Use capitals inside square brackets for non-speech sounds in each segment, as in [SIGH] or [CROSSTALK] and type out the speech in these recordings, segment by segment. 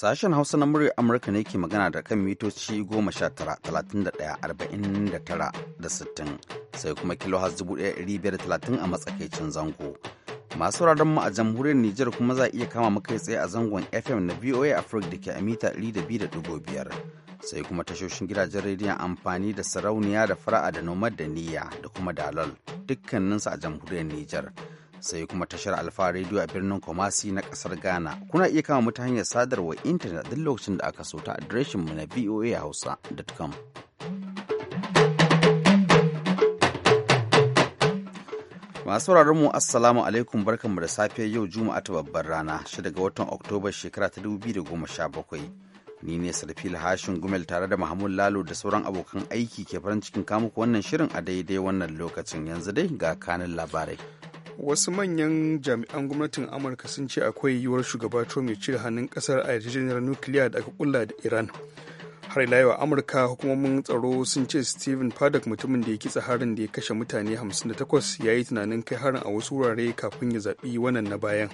Sashen Hausa na muryar Amurka ne ke magana da kan mitoci sha tara talatin da sittin sai kuma kilohaz talatin a matsakaicin zango. Masu mu a jamhuriyar Nijar kuma za a iya kama makai tsaye a zangon FM na VOA Africa da ke a mita 200.5 sai kuma tashoshin gidajen rediyon amfani da sarauniya da fara'a da nomad da niyya da kuma dalol dukkaninsu a jamhuriyar Nijar. sai kuma tashar alfa rediyo a birnin Kumasi na kasar Ghana. Kuna iya kama mu hanyar sadarwa intanet duk lokacin da aka so ta adireshin mu na voahausa.com. Masu sauraron mu Assalamu alaikum barkanmu da safe yau Juma'a ta babbar rana 6 ga watan Oktoba shekara ta 2017. ni ne sarfil hashin gumel tare da mahmud lalo da sauran abokan aiki ke farin cikin kamuku wannan shirin a daidai wannan lokacin yanzu dai ga kanin labarai wasu manyan jami'an gwamnatin amurka sun ce akwai yiwuwar shugaba trump ya cire hannun kasar a yarjejeniyar nukiliya da aka kulla da iran har ila yau amurka hukumomin tsaro sun ce stephen paddock mutumin da ya kitsa harin da ya kashe mutane 58 ya yi tunanin kai harin a wasu wurare kafin ya zaɓi wannan na bayan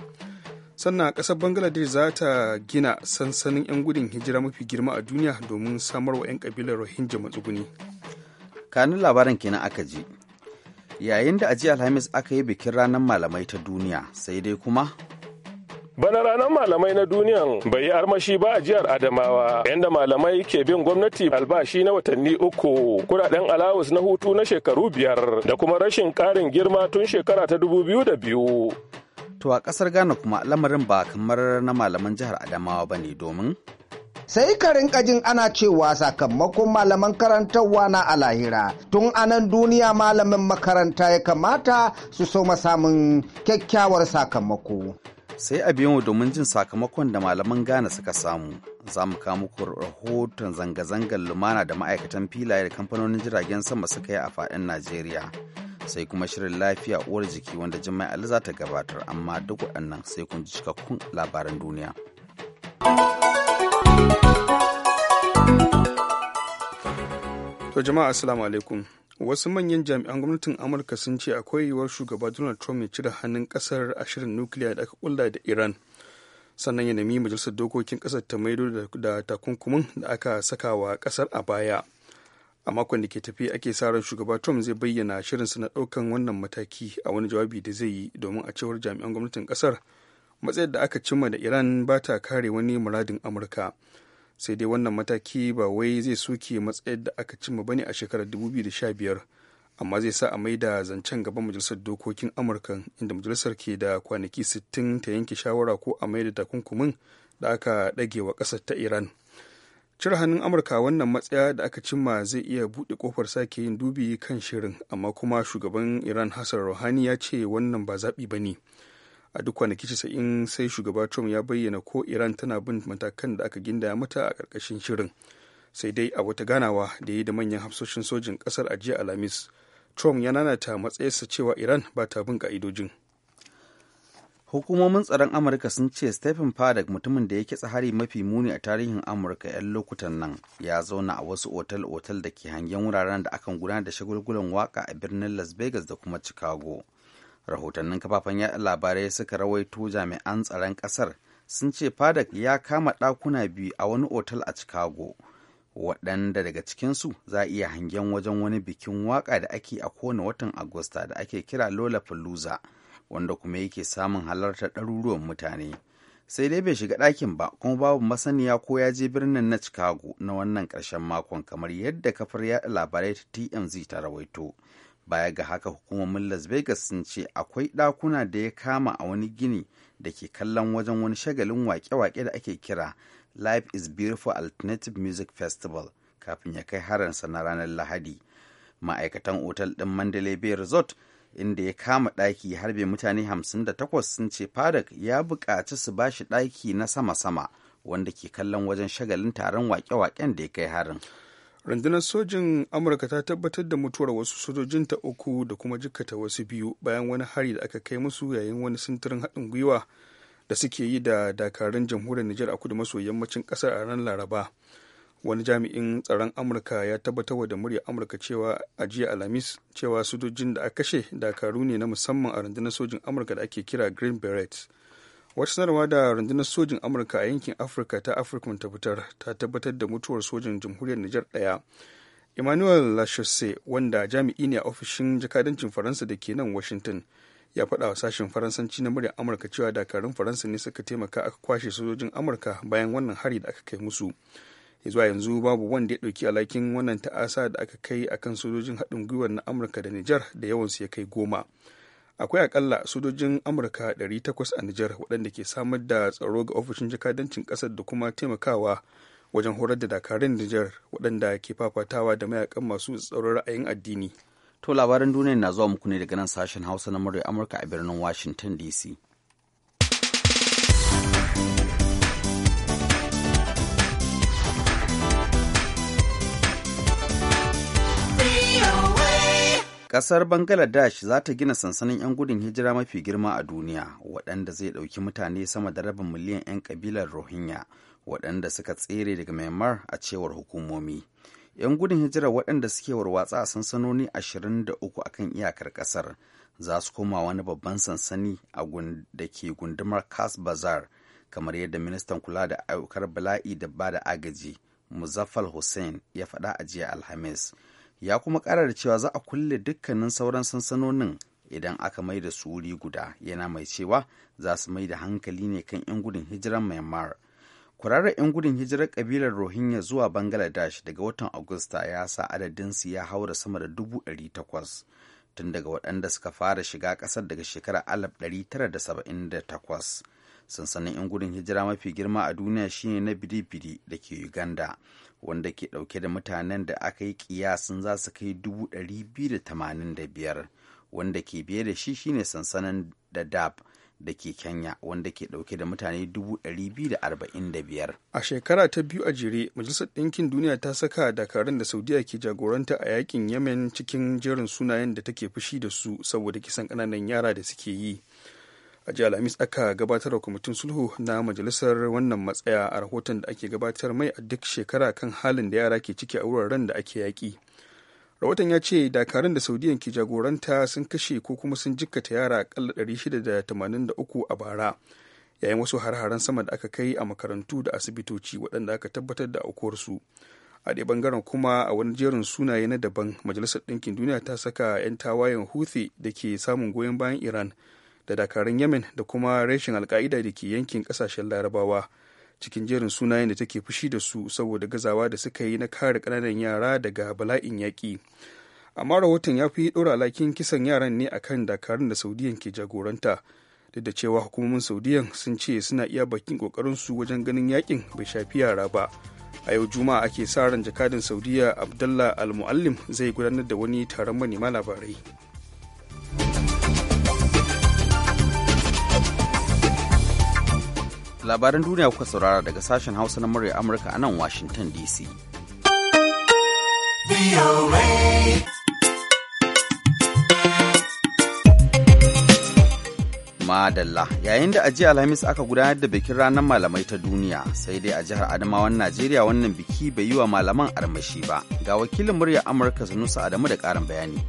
sannan ƙasar bangladesh za ta gina sansanin 'yan gudun hijira mafi girma a duniya domin samarwa 'yan kabilar rohingya matsuguni kanin labaran kenan aka ji yayin da a jiya alhamis aka yi bikin ranar malamai ta duniya sai dai kuma bana ranar malamai na duniyan bai yi armashi ba a jihar adamawa yadda malamai ke bin gwamnati albashi na watanni uku kudaden alawus na hutu na shekaru biyar da kuma rashin karin girma tun shekara ta dubu biyu da biyu to a ƙasar ghana kuma lamarin ba kamar na malaman jihar adamawa ba ne domin sai ka rinka jin ana cewa sakamakon malaman karantarwa na alahira tun anan duniya malamin makaranta ya kamata su so samun kyakkyawar sakamako sai a biyan domin jin sakamakon da malaman Ghana suka samu. Za mu kawo muku rahoton zanga-zangar lumana da ma'aikatan filaye da kamfanonin jiragen sama suka yi a faɗin Najeriya. Sai kuma shirin lafiya uwar jiki wanda Jimai Ali ta gabatar amma duk waɗannan sai kun ji cikakkun labaran duniya. To jama'a assalamu alaikum. Wasu manyan jami'an gwamnatin Amurka sun ce akwai yiwuwar shugaba Donald Trump ya cire hannun kasar a shirin nukiliya da aka kulla da Iran. Sannan ya nemi majalisar dokokin kasar ta maido da takunkumin da aka saka wa kasar a baya. A makon da ke tafi ake sa ran shugaba Trump zai bayyana shirinsa na ɗaukan wannan mataki a wani jawabi da zai yi domin a cewar jami'an gwamnatin kasar matsayar da aka cimma da Iran ba ta kare wani muradin Amurka. sai dai wannan mataki ba wai zai soke matsayar da aka cimma bane a shekarar 2015 amma zai sa a mai da zancen gaban majalisar dokokin amurka inda majalisar ke da kwanaki 60 ta yanke shawara ko a mai da takunkumin da aka ɗage wa ƙasar ta iran cire hannun amurka wannan matsaya da aka cimma zai iya buɗe kofar sake yin dubi kan shirin amma kuma shugaban iran hassan rouhani ya ce wannan ba zaɓi ba ne a duk kwanaki sa'in sai shugaba trump ya bayyana ko iran tana bin matakan da aka gindaya mata a ƙarƙashin shirin sai dai a wata ganawa da ya yi da manyan hafsoshin sojin ƙasar a jiya trump ya nanata matsayarsa cewa iran ba ta bin ka'idojin hukumomin tsaron amurka sun ce stephen paddock mutumin da ya kitsa hari mafi muni a tarihin amurka 'yan lokutan nan ya zauna a wasu otal-otal da ke hangen wuraren da akan gudanar da shagulgulan waka a birnin las vegas da kuma chicago rahotannin kafafen yaɗa labarai suka rawaito jami'an tsaron ƙasar sun ce fadak ya kama ɗakuna biyu a wani otal a chicago waɗanda daga cikinsu za a iya hangen wajen wani bikin waƙa da ake a kowane watan agusta da ake kira lola palooza wanda kuma yake samun halartar ɗaruruwan mutane sai dai bai shiga ɗakin ba kuma babu masaniya ko ya je birnin na chicago na wannan ƙarshen makon kamar yadda kafar yaɗa labarai ta tmz ta rawaito baya ga haka hukumomin las vegas sun ce akwai dakuna da ya kama a wani gini da ke kallon wajen wani shagalin wake-wake da ake kira life is beautiful alternative music festival kafin ya kai haransa na ranar lahadi ma'aikatan otal ɗin mandalay bay resort inda ya kama ɗaki harbe mutane 58 sun ce fadak ya bukaci su bashi ɗaki na sama-sama wanda ke kallon wajen shagalin taron wake-waken da ya kai harin rundunar sojin amurka ta tabbatar da mutuwar wasu sojojinta uku da kuma jikkata wasu biyu bayan wani hari da aka kai musu yayin wani sintirin haɗin gwiwa da suke yi da dakarun jamhuriyar nijar a kudu maso yammacin ƙasar a ranar laraba wani jami'in tsaron amurka ya tabbatar da murya amurka cewa a jiya alhamis cewa sojojin da aka kashe dakaru ne na musamman a rundunar sojin amurka da ake kira green berets wata sanarwa da rundunar sojin amurka a yankin afirka ta afirka ta fitar ta tabbatar da mutuwar sojin jamhuriyar nijar daya emmanuel lachasse wanda jami'i ne a ofishin jakadancin faransa da ke nan washington ya faɗa wa sashen faransanci na muryar amurka cewa dakarun faransa ne suka taimaka aka kwashe sojojin amurka bayan wannan hari da aka kai musu ya zuwa yanzu babu wanda ya ɗauki alhakin wannan ta'asa da aka kai akan sojojin haɗin gwiwar na amurka da nijar da yawansu ya kai goma akwai akalla sojojin amurka 800 a nijar waɗanda ke samar da tsaro ga ofishin jakadancin ƙasar da kuma taimakawa wajen horar da dakarun nijar waɗanda ke fafatawa da mayakan masu tsaron ra'ayin addini to labaran duniya na zuwa muku ne daga nan sashen hausa na murya amurka a birnin washington dc Ƙasar Bangladesh za ta gina sansanin 'yan gudun hijira mafi girma a duniya, waɗanda zai ɗauki mutane sama da rabin miliyan 'yan ƙabilar Rohingya, waɗanda suka tsere daga Myanmar a cewar hukumomi. 'Yan gudun hijira waɗanda suke warwatsa a sansanoni 23 a kan iyakar ƙasar za su koma wani babban sansani a da ke gundumar Kas Bazar, kamar yadda ministan kula da ayyukar bala'i da ba da agaji, Muzaffal Hussein ya faɗa a jiya Alhamis. ya kuma kara da cewa za a kulle dukkanin sauran sansanonin idan aka mai da su wuri guda yana mai cewa za su mai da hankali ne kan 'yan gudun hijirar myanmar kwararar 'yan gudun hijirar kabilar rohingya zuwa bangladesh daga watan agusta ya sa adadinsu ya haura sama da dubu ɗari takwas tun daga waɗanda suka fara shiga ƙasar daga shekarar 1978 sansanin 'yan gudun hijira mafi girma a duniya shine na bidibidi da ke uganda wanda ke dauke da mutanen da aka yi kiyasin za su kai 285 wanda ke biye da shi shine sansanin dadaab da ke Kenya wanda ke dauke da mutane 245. A shekara ta biyu a jere, Majalisar Ɗinkin Duniya ta saka dakarun da Saudiya ke jagoranta a yakin Yemen cikin jerin sunayen da take fushi da su saboda kisan ƙananan yara da suke yi. a jiya alhamis aka gabatar da kwamitin sulhu na majalisar wannan matsaya a rahoton da ake gabatar mai a duk shekara kan halin da yara ke ciki a wuraren da ake yaƙi rahoton ya ce dakarun da saudiyan ke jagoranta sun kashe ko kuma sun jikkata yara akalla 683 a bara yayin wasu har-haren sama da aka kai a makarantu da asibitoci waɗanda aka tabbatar da su a ɗaya bangaren kuma a wani jerin sunaye na daban majalisar ɗinkin duniya ta saka 'yan tawayen huthi da ke samun goyon bayan iran da dakarun yemen da kuma reshen alka'ida da ke yankin kasashen larabawa cikin jerin sunayen da take fushi da su saboda gazawa da suka yi na kare kananan yara daga bala'in yaƙi amma rahoton ya fi ɗora lakin kisan yaran ne akan dakarun da saudiyan ke jagoranta duk da cewa hukumomin saudiyan sun ce suna iya bakin ƙoƙarinsu wajen ganin yakin bai shafi yara ba a yau juma'a ake sa ran jakadin saudiya abdullah al-muallim zai gudanar da wani taron manema labarai labaran duniya kuka saurara daga sashen hausa na murya amurka a nan washington dc madalla yayin da a alhamis aka gudanar da bikin ranar malamai ta duniya sai dai a jihar adamawan najeriya wannan biki bai yi wa malaman armashi ba ga wakilin murya amurka sanusa adamu da karin bayani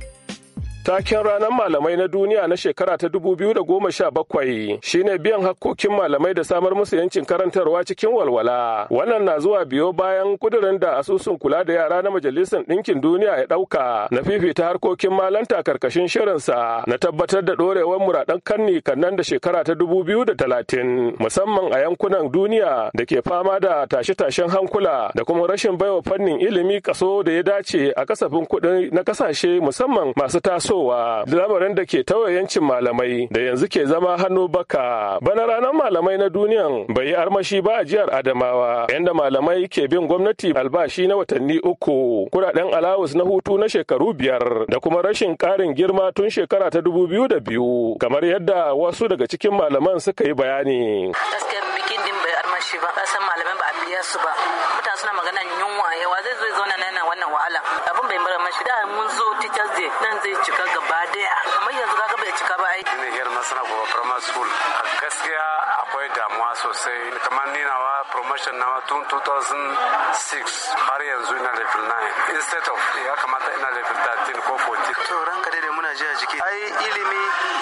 Taken ranar malamai na duniya na shekara ta da goma sha bakwai, shine biyan hakkokin malamai da samar musu yancin karantarwa cikin walwala. Wannan na zuwa biyo bayan kudirin da asusun kula da yara na Majalisar Ɗinkin Duniya ya ɗauka na fifita harkokin malanta karkashin shirinsa na tabbatar da ɗorewar muradan kanni kannan da shekara ta dubu biyu da talatin, musamman a yankunan duniya da ke fama da tashe-tashen hankula da kuma rashin baiwa fannin ilimi kaso da ya dace a kasafin kuɗi na kasashe musamman masu taso tasowa lamarin da ke tawa yancin malamai da yanzu ke zama hannu baka bana ranar malamai na duniyan bai yi armashi ba a jihar adamawa yadda malamai ke bin gwamnati albashi na watanni uku kudaden alawus na hutu na shekaru biyar da kuma rashin karin girma tun shekara ta dubu biyu da biyu kamar yadda wasu daga cikin malaman suka yi bayani gaskiya bikin din bai armashi ba kasan malamai ba a biya su ba mutane suna magana yunwa yawa tun 2006 har yanzu ina level 9 instead of ya kamata ina level 13 ko 14 to ranka dai muna yana ji jiki ai ilimi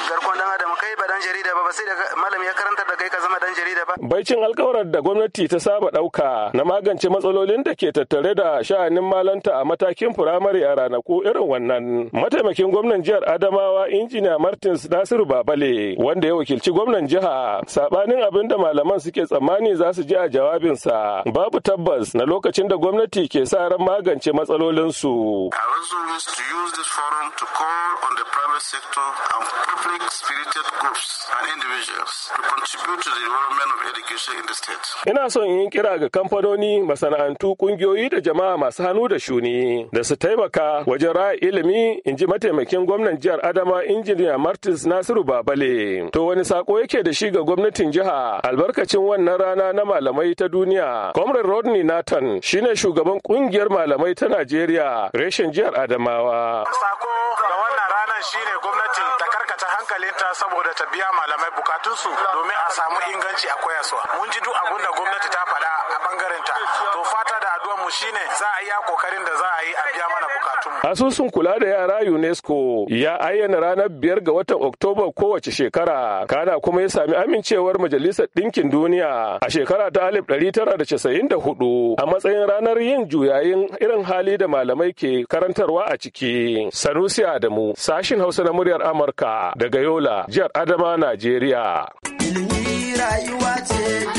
garkon dan adam kai ba dan jarida ba ba sai da malam ya karanta da kai ka zama dan jarida ba baicin alkawarar da gwamnati ta saba dauka na magance matsalolin da ke tattare da sha'anin malanta a matakin firamare a ranaku irin wannan mataimakin gwamnan jihar Adamawa injiniya Martins Nasir Babale wanda ya wakilci gwamnan jiha sabanin abin da malaman suke tsammani za su ji a jawabinsa babu tabbas na lokacin da gwamnati ke sa ran magance matsalolinsu. I also wish to use this forum to call on the private sector and public spirited groups and individuals to contribute to the development of education in the state. Ina son yin kira ga kamfanoni, masana'antu, kungiyoyi da jama'a masu hannu da shuni da su taimaka wajen ra ilimi in ji mataimakin gwamnan jihar Adama injiniya Martins Nasiru Babale. To wani sako yake da shi ga gwamnatin jiha albarkacin wannan rana na malamai ta duniya. Comrade Rodney Nathan shine shugaban kungiyar malamai ta Najeriya reshen jihar Adamawa. Sako wannan shine gwamnati ta karkata hankalinta saboda ta biya malamai bukatunsu domin a samu inganci a koyaswa mun ji duk abin da gwamnati ta faɗa mu shine za a iya kokarin da za a yi a biya mana bukatunmu. Asusun kula da yara UNESCO ya ayyana ranar biyar ga watan Oktoba kowace shekara kana kuma ya sami amincewar Majalisar Ɗinkin Duniya a shekara ta alif ɗari tara da casa'in da hudu a matsayin ranar yin juyayin irin hali da malamai ke karantarwa a ciki. Sanusi Adamu sashin Hausa na muryar Amurka daga Yola jihar Adama Najeriya. Ilimi rayuwa ce.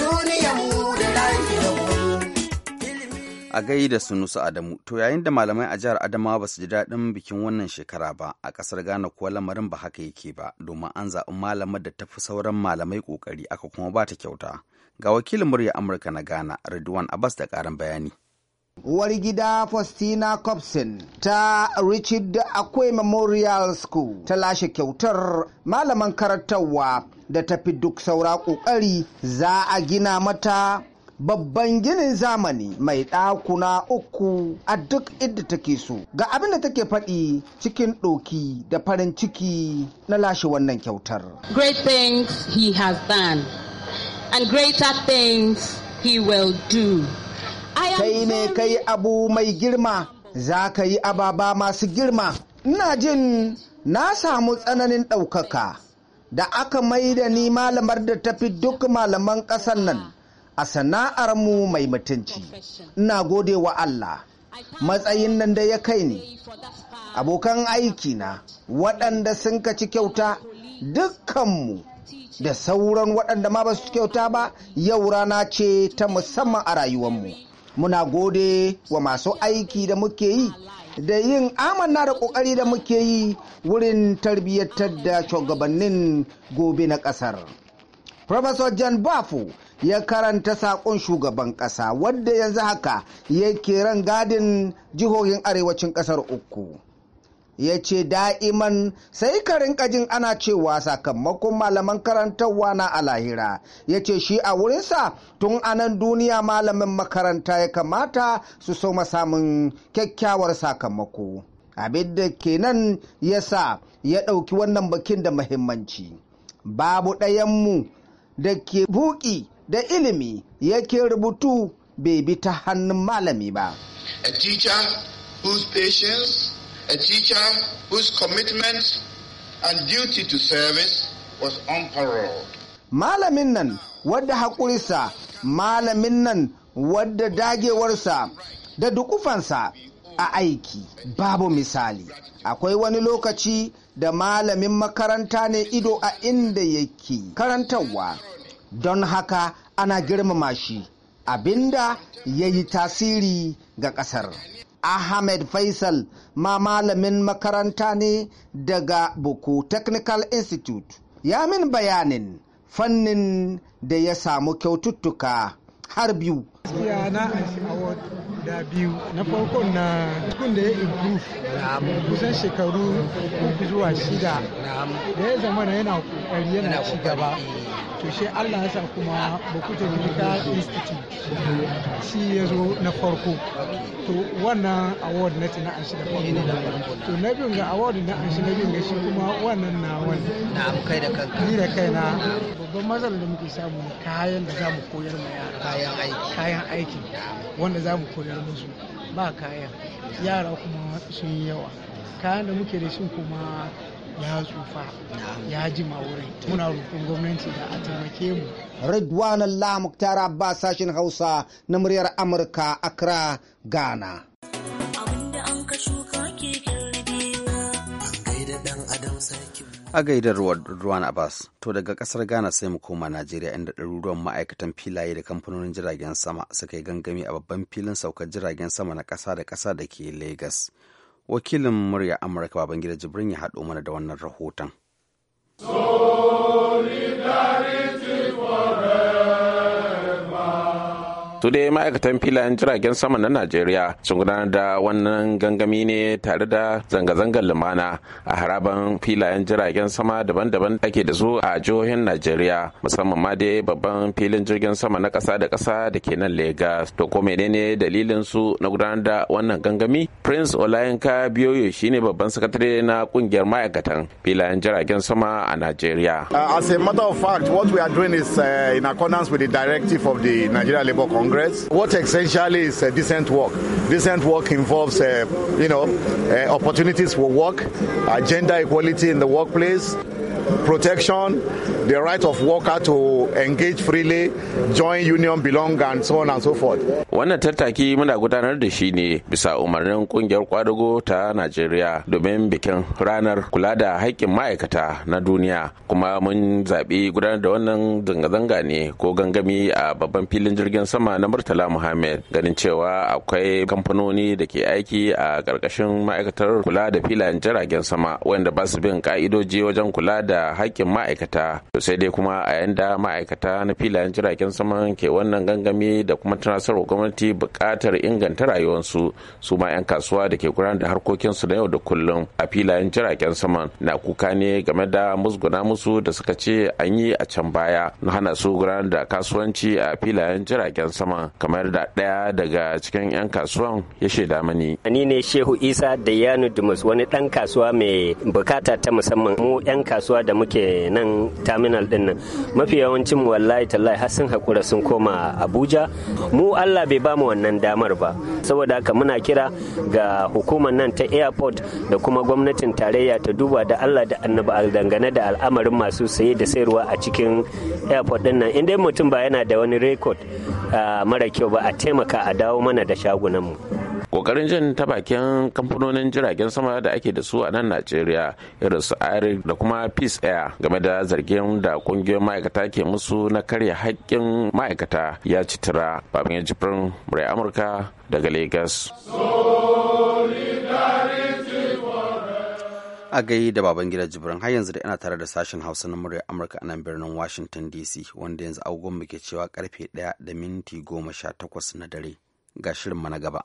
a gai da sunusu adamu to yayin da malamai a jihar adamawa ba su ji daɗin bikin wannan shekara ba a ƙasar ghana kuwa lamarin ba haka yake ba domin an zaɓi malamar da tafi sauran malamai ƙoƙari aka kuma ba ta kyauta ga wakilin murya amurka na ghana ridwan abbas da ƙarin bayani Uwar gida Faustina Copson ta Richard Akwai Memorial School ta lashe kyautar malaman karantarwa da tafi duk saura ƙoƙari za a gina mata babban ginin zamani mai ɗakuna uku a duk inda take so ga abin da take faɗi cikin ɗoki da farin ciki na lashe wannan kyautar. Great things he has done and greater things he will do. Kai ne kai abu mai girma za ka yi ababa masu girma. Ina jin na samu tsananin ɗaukaka da aka mai da ni malamar da tafi duk malaman ƙasar nan. a sana'armu mai mutunci ina gode wa Allah matsayin nan da ya kai ni abokan aikina waɗanda sun kaci kyauta dukkanmu da sauran waɗanda ma ba su kyauta ba yau rana ce ta musamman a rayuwanmu. muna gode wa masu aiki da muke yi da yin amanna da ƙoƙari da muke yi wurin tarbiyyatar da shugabannin gobe na ƙasar. Professor Jan Bafo ya karanta saƙon shugaban ƙasa wadda yanzu haka yake ran gadin jihohin arewacin ƙasar uku. ya ce da'iman sai ka rinka ana cewa sakamakon malaman karantarwa na alahira ya ce shi a wurinsa tun anan duniya malamin makaranta ya kamata su so samun kyakkyawar sakamako abin da kenan ya sa ya ɗauki wannan bakin da mahimmanci babu ɗayanmu da ke buƙi da ilimi yake rubutu bai bi ta hannun malami ba. A teacher whose patience, a teacher whose commitment and duty to service was unparalleled. Malamin nan wadda haƙurisa, malamin nan wadda dagewarsa da dukufansa a aiki babu misali. Akwai wani lokaci da malamin makaranta ne ido a inda yake karantarwa. don haka ana girmama shi abinda ya yi tasiri ga ƙasar. Ahmed Faisal ma malamin makaranta ne daga Boko Technical Institute. Ya min bayanin fannin da ya samu kyaututtuka har biyu. na anshi award da biyu na farko na tukun da ya improve kusan shekaru uku zuwa shida da ya zama yana kokari yana ci gaba. to shi allah ya sa kuma bakuta medical institute shi ya zo na farko to wannan award na tina an shi da farko to na biyun ga award na an shi na biyun ga shi kuma wannan na wani na kai da kanka ni da kaina babban matsalar da muke samu kayan da za mu koyar ma yara kayan aiki kayan aiki wanda za mu koyar musu ba kayan yara kuma sun yawa kayan da muke da shi kuma ya tsufa ya ji wurin muna roƙon gwamnati da a taimake mu Ridwan Allah Muktar Abbas Hausa na muryar Amurka Accra Ghana a gaidar ruwan abbas to daga kasar ghana sai mu koma najeriya inda ɗaruruwan ma'aikatan filaye da kamfanonin jiragen sama suka yi gangami a babban filin saukar jiragen sama na ƙasa da ƙasa da ke lagos wakilin murya amurka babangida jibrin ya haɗo mana da wannan rahoton. su dai ma'aikatan filayen jiragen sama na najeriya sun gudanar da wannan gangami ne tare da zanga-zangar lumana a haraban filayen jiragen sama daban-daban ake da su a jihohin najeriya musamman ma dai babban filin jirgin sama na kasa da kasa da ke nan lagos to ko menene dalilin su na gudanar da wannan gangami prince olayinka biyoyo shine babban sakatare na kungiyar ma'aikatan filayen jiragen sama a najeriya uh, as a matter of fact what we are doing is uh, in accordance with the directive of the nigeria labour congress progress. What essentially is a decent work. Decent work involves, uh, you know, uh, opportunities for work, uh, gender equality in the workplace, protection, the right of worker to engage freely, join union, belong, and so on and so forth. Wannan tattaki muna gudanar da shi ne bisa umarnin kungiyar kwadago ta Najeriya domin bikin ranar kula da haƙƙin ma'aikata na duniya kuma mun zaɓi gudanar da wannan zanga-zanga ne ko gangami a babban filin jirgin sama na Murtala Muhammad ganin cewa akwai kamfanoni da ke aiki a ƙarƙashin ma'aikatar kula da filayen jiragen sama wanda ba su bin ƙa'idoji wajen kula da da haƙƙin ma'aikata sai dai kuma a yayin da ma'aikata na filayen jiragen sama ke wannan gangami da kuma tunasarwa gwamnati buƙatar inganta rayuwarsu su ma 'yan kasuwa da ke gudanar da harkokinsu na yau da kullum a filayen jiragen sama na kuka ne game da musguna musu da suka ce an yi a can baya na hana su gudanar da kasuwanci a filayen jiragen sama kamar da ɗaya daga cikin 'yan kasuwan ya shaida mani. Ni ne Shehu Isa da Yanu Dumus wani ɗan kasuwa mai bukata ta musamman mu 'yan kasuwa da muke nan terminal din nan mafi yawancin mu wallahi tallahi har sun hakura sun koma Abuja mu Allah bai ba mu wannan damar ba saboda haka muna kira ga hukumar nan ta airport da kuma gwamnatin tarayya ta duba da Allah da annabi dangane da al'amarin masu saye da sayarwa a cikin airport din nan inda mutum ba yana da wani record ah, mara kyau ba a taimaka a dawo mana da shagunan mu kokarin jin ta bakin kamfanonin jiragen sama da ake da su a nan najeriya irin su arik da kuma peace air game da zargin da kungiyoyin ma'aikata ke musu na karya haƙƙin ma'aikata ya ci tira babin jibrin murai amurka daga lagos a gai da baban gida jibrin har yanzu da ina tare da sashen hausa na murya amurka a nan birnin washington dc wanda yanzu agogon muke cewa karfe 1 da minti 18 na dare ga shirin na gaba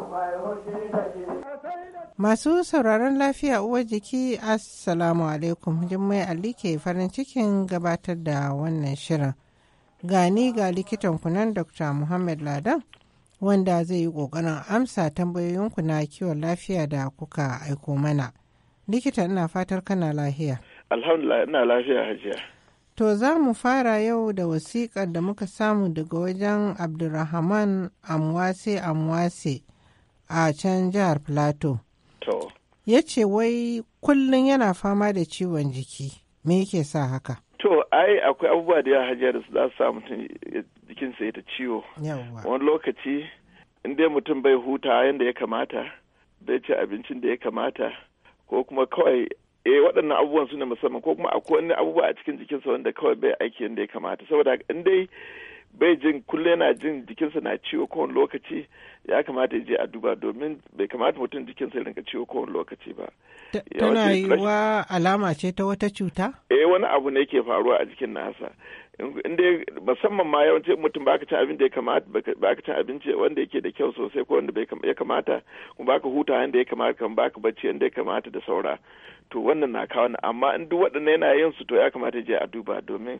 Masu sauraron lafiya uwar jiki Assalamu alaikum Jummai Ali ke farin cikin gabatar da wannan shirin. Gani ga likitan kunan Dr. Muhammad Ladan wanda zai yi ƙoƙarin amsa tambayoyinku na kiwon lafiya da kuka aiko mana. Likita ina fatar kana lafiya. Alhamdulillah ina lafiya hajiya. To za mu fara yau da wasiƙar da muka samu daga wajen Abdulrahman Amwase Amwase a can jihar Plateau. To. Ya ce wai kullum yana fama da ciwon jiki, me yake sa haka? To, ai akwai abubuwa da ya hajiya da za su sa mutum jikinsa ya ta ciwo. Wani lokaci, inda mutum bai huta yadda ya kamata, bai ci abincin da ya kamata, ko kuma kawai eh waɗannan abubuwan su ne musamman ko kuma akwai wani abubuwa a cikin jikinsa wanda kawai bai aiki yadda ya kamata. Saboda in dai bai jin kullum yana jin jikinsa na ciwo kowane lokaci ya kamata ya je a duba domin bai kamata mutum jikinsa ya rinka ciwo ko lokaci ba. Tana yi wa alama ce ta wata cuta? Eh wani abu ne ke faruwa a jikin nasa. inda musamman ma yawanci mutum baka cin abin da ya kamata baka cin abinci wanda yake da kyau sosai ko wanda ya kamata kuma baka huta yanda ya kamata kan baka bacci yanda ya kamata da saura to wannan na kawo amma in duk waɗannan yana yin su to ya kamata ya je a duba domin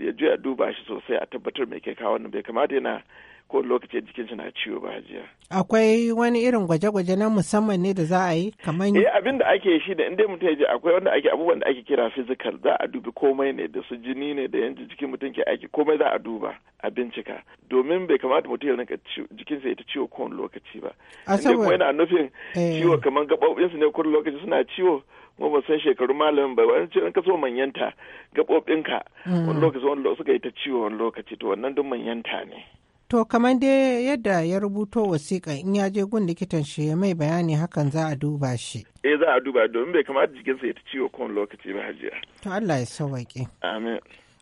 ya je a duba shi sosai a tabbatar me ke kawo wannan bai kamata yana ko lokaci jikin suna na ciwo ba hajiya. Akwai wani irin gwaje-gwaje na musamman ne da za a yi kamar Eh abin da ake shi da inda mutum ya akwai wanda ake abubuwan da ake kira physical za a dubi komai ne da su jini ne da yanzu jikin mutum ke aiki komai za a duba a bincika domin bai kamata mutum ya rinka jikinsa ya ta ciwo kowane lokaci ba. A saboda. yana nufin eh. ciwo kamar su ne kowane lokaci suna ciwo. kuma ba san shekaru malamin ba wani ce ciwon kaso manyanta gaɓoɓinka mm. wani lokaci wani lokaci suka yi ta ciwo wani lokaci to wannan duk manyanta ne. To kamar dai yadda ya rubuto wasiƙa in ya je gun likitan shi ya mai bayani hakan za a duba shi. Eh za a duba domin bai kamata jikinsa ya ta ciwo kowane lokaci ba hajiya. To Allah ya sauwaƙe. Amin.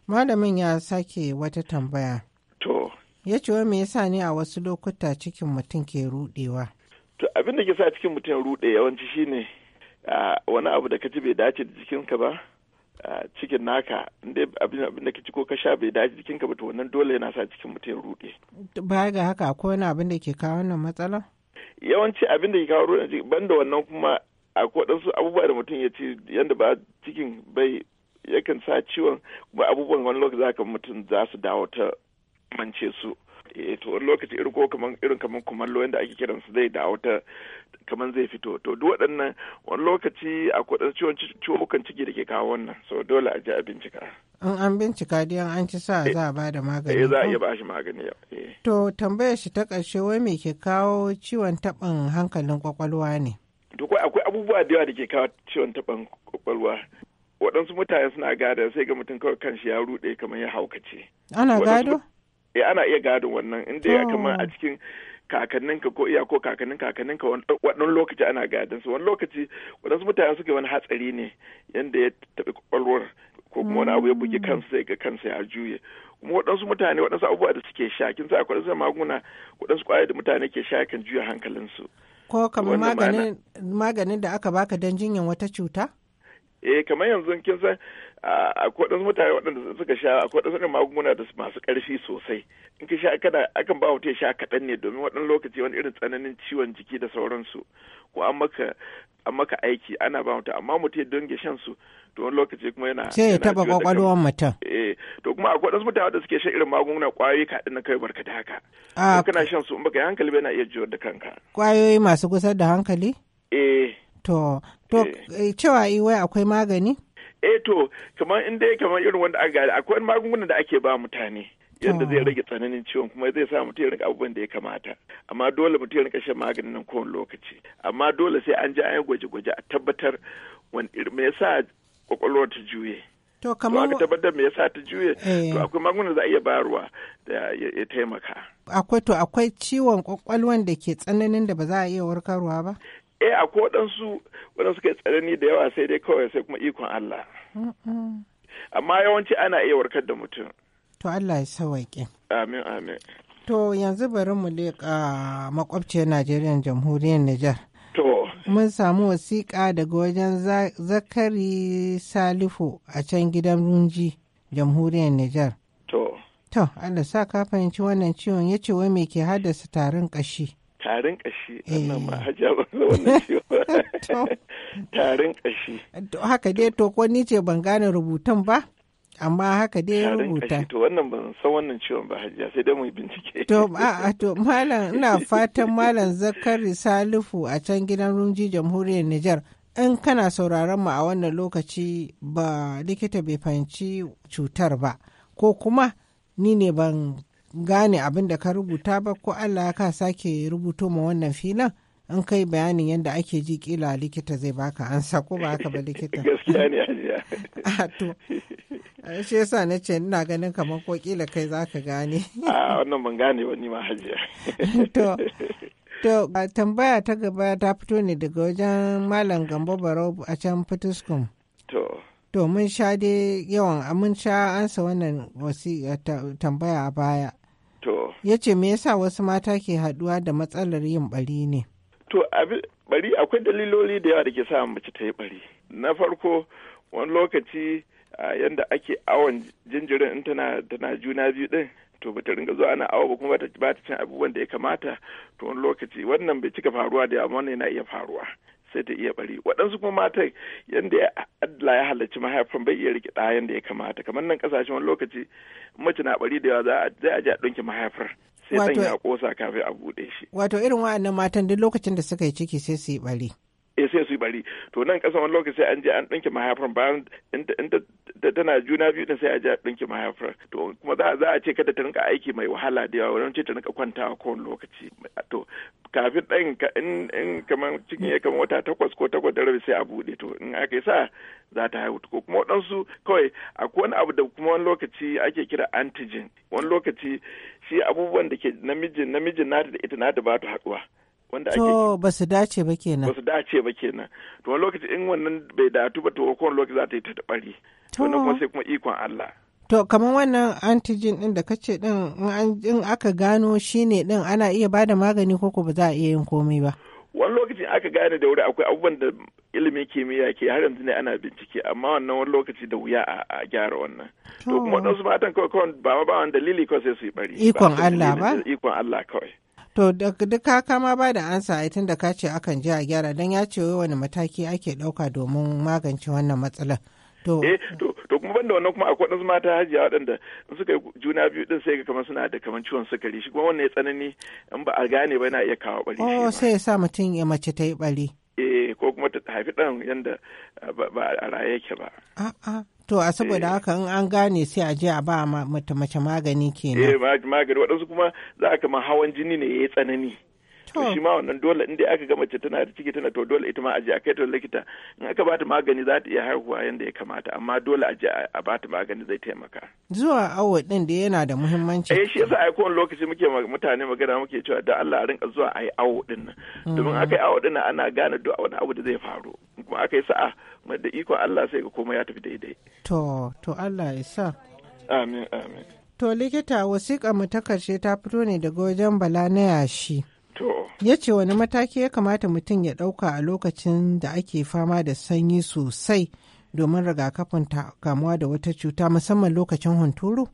Malamin ya sake wata tambaya. To. Ya ce wa me yasa ne a wasu lokuta cikin mutum ke rudewa? To abin da ke sa cikin mutum rude yawanci shine ah, wani abu da ka ci bai dace da jikinka ba cikin naka inda abin da ke ci ko ka sha bai daji jikinka ba to wannan dole yana sa cikin mutum ya rude baya ga haka akwai wani abin da ke kawo wannan matsala yawanci abin da ke kawo rude ban banda wannan kuma akwai su abubuwa da mutum ya ci yadda ba cikin bai yakan sa ciwon kuma abubuwan wani lokaci zaka mutum za su dawo ta mance su eh to wani lokaci irin ko kaman irin kaman kumallo yadda ake kiran su zai dawo wata kaman zai fito to duk waɗannan wani lokaci akwai ɗan ciwon ciwon ciki da ke kawo wannan so dole a ji a bincika in an bincika diyan an ci sa eh, za a ba da magani eh za a iya ba shi magani eh. to tambayar shi ta ƙarshe wai me ke kawo ciwon taɓin hankalin kwakwalwa ne duk akwai abubuwa da yawa da ke kawo ciwon taɓin kwakwalwa waɗansu mutane suna gada sai ga mutum kawai kanshi ya ruɗe kamar ya haukace ana gado eh ana iya gadon wannan inda ya kamar a cikin ka ko iya ko kakannin ka wannan lokaci ana gadon su wani lokaci wadansu mutane suke wani hatsari ne yanda ya tabi kwakwalwar ko kuma wani abu ya buge mm. kansa sai ga kansa ya juye kuma waɗansu mutane waɗansu abubuwa da suke sha kin sa akwai waɗansu magunguna waɗansu da mutane ke sha kan juya hankalin su. ko kamar maganin maganin da aka baka don jinyan wata cuta? eh kamar yanzu kin san akwai wadansu mutane waɗanda suka sha akwai wadansu suna magunguna da masu ƙarfi sosai in ka sha kada akan ba mutum sha kaɗan ne domin waɗannan lokaci wani irin tsananin ciwon jiki da sauransu ko an maka an maka aiki ana ba mutum amma mutum don ya shan su to wani lokaci kuma yana sai ya taba kwakwalwar mutum eh to kuma akwai wasu mutane da suke shan irin magunguna kwayoyi kaɗan na kai barka da haka ah, kana shan su in baka yi hankali bai na iya jiyar da kanka kwayoyi masu kusa da hankali eh to to eh. cewa iwai akwai magani eh to kamar inda ya kamar irin wanda aka gari akwai magungunan da ake ba mutane yadda zai rage tsananin ciwon kuma zai sa mutum ya rinka abubuwan da ya kamata amma dole mutum ya rinka shan maganin nan kowane lokaci amma dole sai an ji an yi gwaje-gwaje a tabbatar wani me yasa kwakwalwar ta juye to kamar aka tabbatar me yasa ta juye to eh. akwai magungunan za a iya bayarwa da ya taimaka akwai to akwai ciwon kwakwalwan da ke tsananin da ba za a iya warkarwa ba eh a ko waɗansu waɗansu suka tsanani da yawa sai dai kawai sai kuma ikon Allah amma yawanci ana iya warkar da mutum to Allah ya sawaƙe amin amin to yanzu bari mu leƙa makwabciyar Najeriya jamhuriyar Nijar to mun samu wasiƙa daga wajen zakari salifu a can gidan runji jamhuriyar Nijar to to Allah sa ka fahimci wannan ciwon ya ce wai me ke haddasa tarin ƙashi tarin kashi wannan eh. ma hajiya ba wannan ciwo tarin kashi haka dai to ko ni ce ban gane rubutan ba amma haka dai ya rubuta. To wannan ban san wannan ciwon ba hajiya sai dai mu bincike. To a to malam ina fatan malam Zakari Salifu a can gidan Rumji Jamhuriyar Nijar in kana sauraron mu a wannan lokaci ba likita bai fahimci cutar ba ko kuma ni ne ban gane abin da ka rubuta ba ko Allah ka sake rubuto ma wannan filin in kai bayanin yadda ake ji kila likita zai baka an sako ba haka ba likita [LAUGHS] gaskiya ne [LAUGHS] a to shi yasa na ce ina ganin kamar ko kila kai zaka gane [LAUGHS] a wannan ban gane wani ma hajiya to to tambaya ta gaba ta fito ne daga wajen malam gambo barau a can fitiskum to to mun sha dai yawan mun sha ansa wannan wasi tambaya a baya ya ce me yasa wasu mata ke haduwa da matsalar yin bari ne to bari akwai daliloli da yawa da ke sa mace ta yi bari na farko wani lokaci yadda ake awon jinjirin in tana tana juna biyu din to bata ringa zuwa ana awo ba kuma bata cin abubuwan da ya kamata to wani lokaci wannan bai cika faruwa da yawa wannan yana iya faruwa sai ta iya bari waɗansu kuma mata yadda Allah ya halarci mahaifin bai iya rike ɗaya yadda ya kamata kamar nan kasashen wani lokaci mace na bari da yawa za a ji a ɗinki mahaifar sai ɗan ya ƙosa kafin a buɗe shi wato irin wa'annan matan duk lokacin da suka yi ciki sai su yi bari ya sai su yi bari to nan kasa wani lokaci an je an dinki mahaifar bayan inda tana juna biyu din sai a je a dinki mahaifar to kuma za a ce kada ta rinka aiki mai wahala da yawa wurin ce ta rinka kwantawa kowane lokaci to kafin ɗan in kamar cikin ya kamar wata takwas ko takwas da rabi sai a buɗe to in aka yi sa za ta haihu ko kuma waɗansu kawai akwai wani abu da kuma wani lokaci ake kira antigen wani lokaci shi abubuwan da ke namijin namijin na da ita na da ba ta haɗuwa wanda ake to ba su dace ba kenan ba su dace ba kenan to wani lokaci in wannan bai datu ba to kowane lokaci za ta yi ta bari wannan kuma sai kuma ikon Allah to kamar wannan antigen din da kace din in aka gano shine din ana iya bada magani ko ko ba za a iya yin komai ba wani lokacin aka gane da wuri akwai abubuwan da ilimin kimiyya ke har yanzu ne ana bincike amma wannan wani lokaci da wuya a gyara wannan to kuma wadansu matan kawai kawai ba ma ba wani dalili kawai sai su yi bari ikon Allah ba ikon Allah kawai To ka kama ba da ansa a tun da ka ce akan je a gyara don ya ce wani mataki ake ɗauka domin magance wannan matsalar. To, eh, to, kuma banda wannan kuma akwai wadansu mata hajiya waɗanda suka suka juna biyu din sai ga kamar suna da kamar ciwon sukari shi kuma wannan ya tsanani in ba a gane ba yana iya kawo bari. Oh, sai ya sa mutum ya mace ta yi bari. Eh, ko kuma ta haifi ɗan yadda ba a raye yake ba. A'a, To a saboda eh. haka in an gane sai a je a ba mata mace magani kenan. Eh magani waɗansu kuma za a kama hawan jini ne ya yi tsanani. to shi ma wannan dole in dai aka ga mace tana da ciki tana to dole ita ma a je a kai ta likita in aka bata magani za ta iya haihuwa yadda ya kamata amma dole a je a bata magani zai taimaka zuwa awo din da yana da muhimmanci eh shi yasa a kowane lokaci muke mutane magana muke cewa da Allah a rinka zuwa ayi awo din nan mm. domin aka yi awo din nan ana gane duk wani abu da zai faru kuma aka yi sa'a da ikon Allah sai ga komai ya tafi daidai to to Allah ya sa amin amin to likita wasiƙa mu ta karshe ta fito ne daga wajen bala na yashi Ya ce wani mataki ya kamata mutum ya ɗauka a lokacin da ake fama da sanyi sosai domin rigakafin kamuwa da wata cuta musamman lokacin hunturu?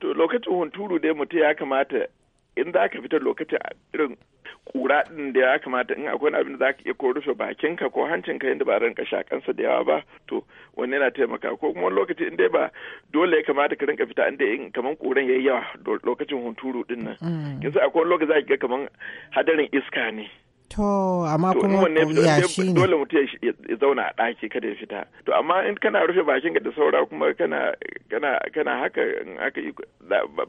To lokacin hunturu dai mutum ya kamata in za ka fita lokacin irin kura din da ya kamata in akwai abin da za ka iya ko rufe bakin ka ko hancinka yadda ba ranka shakansa da yawa ba to wani yana taimaka ko kuma lokaci in dai ba dole ya kamata ka rinka fita inda in kaman kuran yayi yawa lokacin hunturu din nan mm. yanzu akwai lokaci za ka ga kamar hadarin iska ne To, amma kuma ya shi ne. Dole mutum ya zauna a ɗaki kada ya fita. To, amma in kana rufe bakinka da saura kuma kana kana haka yi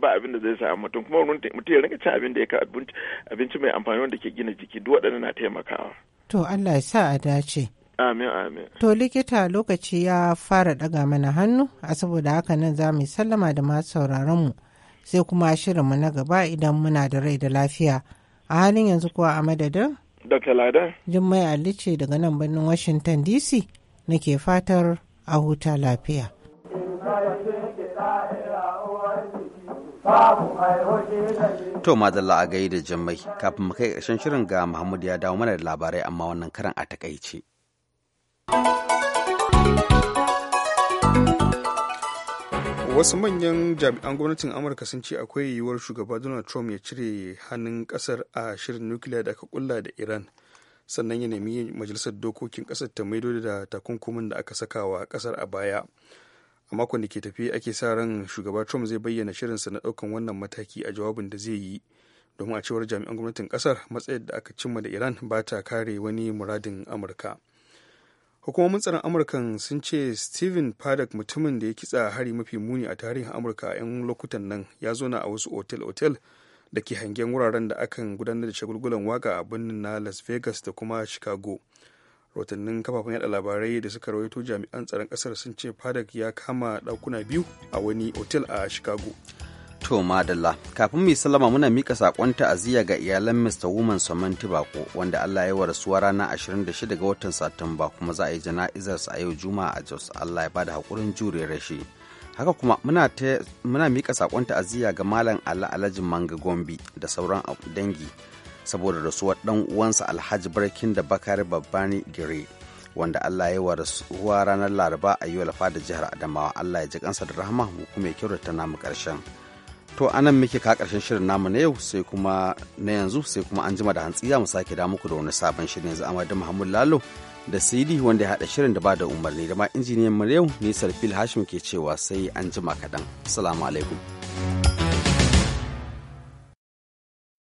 ba abin da zai samu mutum kuma mutum ya rinka cin abin ya ka abinci mai amfani wanda ke gina jiki duk waɗannan na taimakawa. To, Allah ya sa a dace. Amin, amin. To, likita lokaci ya fara ɗaga mana hannu, a saboda haka nan za mu sallama da masu mu Sai kuma mu na gaba idan muna da rai da lafiya. A halin yanzu kuwa a madadin Dr. Lada. Jummai Ali ce daga nan birnin Washington DC nake fatar a huta lafiya. To madalla a gaida Jummai kafin mu kai ƙarshen shirin ga Mahmud ya dawo mana da labarai amma wannan karan a takaice. wasu manyan jami'an gwamnatin amurka sun ce akwai yiwuwar shugaba donald trump ya cire hannun kasar a shirin nukiliya da aka kulla da iran sannan ya nemi majalisar dokokin kasar ta maido da takunkumin da aka saka wa kasar a baya a makon da ke tafi ake sa ran shugaba trump zai bayyana shirinsa na daukan wannan mataki a jawabin da zai yi domin a cewar jami'an gwamnatin kasar matsayar da aka cimma da iran ba ta kare wani muradin amurka hukumomin tsaron amurkan sun ce steven paddock mutumin da ya kitsa hari mafi muni a tarihin amurka a 'yan lokutan nan ya zo na a wasu otel-otel da ke hangen wuraren da akan gudanar da shagulgulan waka a birnin na las vegas da kuma chicago rotannin kafafen yada labarai da suka rawaito jami'an tsaron kasar sun ce paddock ya kama ɗakuna biyu a wani otel a chicago To madalla kafin muyi salama muna mika sakon ta'aziyya ga iyalan Mr. Woman Samanti Bako wanda Allah ya rasuwa ranar 26 ga watan Satumba kuma za a yi jana'izar a yau Juma'a a Jos Allah ya bada hakurin jure rashi. Haka kuma muna, te, muna mika sakon ta'aziyya ga Malam Allah Alhajin Manga Gombi da sauran dangi saboda rasuwar dan uwansa Alhaji Barkin da Bakari Babbani Gire wanda Allah ya rasuwa ranar Laraba a lafa da jihar Adamawa Allah ya ji kansa da rahama mu kuma ya kyautata namu karshen. to anan muke ka karshen shirin namu na yau sai kuma na yanzu sai kuma an jima da hantsi mu sake da muku da wani sabon shirin yanzu amma da Muhammad Lalo da Sidi wanda ya haɗa shirin da ba da umarni da ma injiniyan mu yau Nisar Fil Hashim ke cewa sai an jima kaɗan. Assalamu alaikum.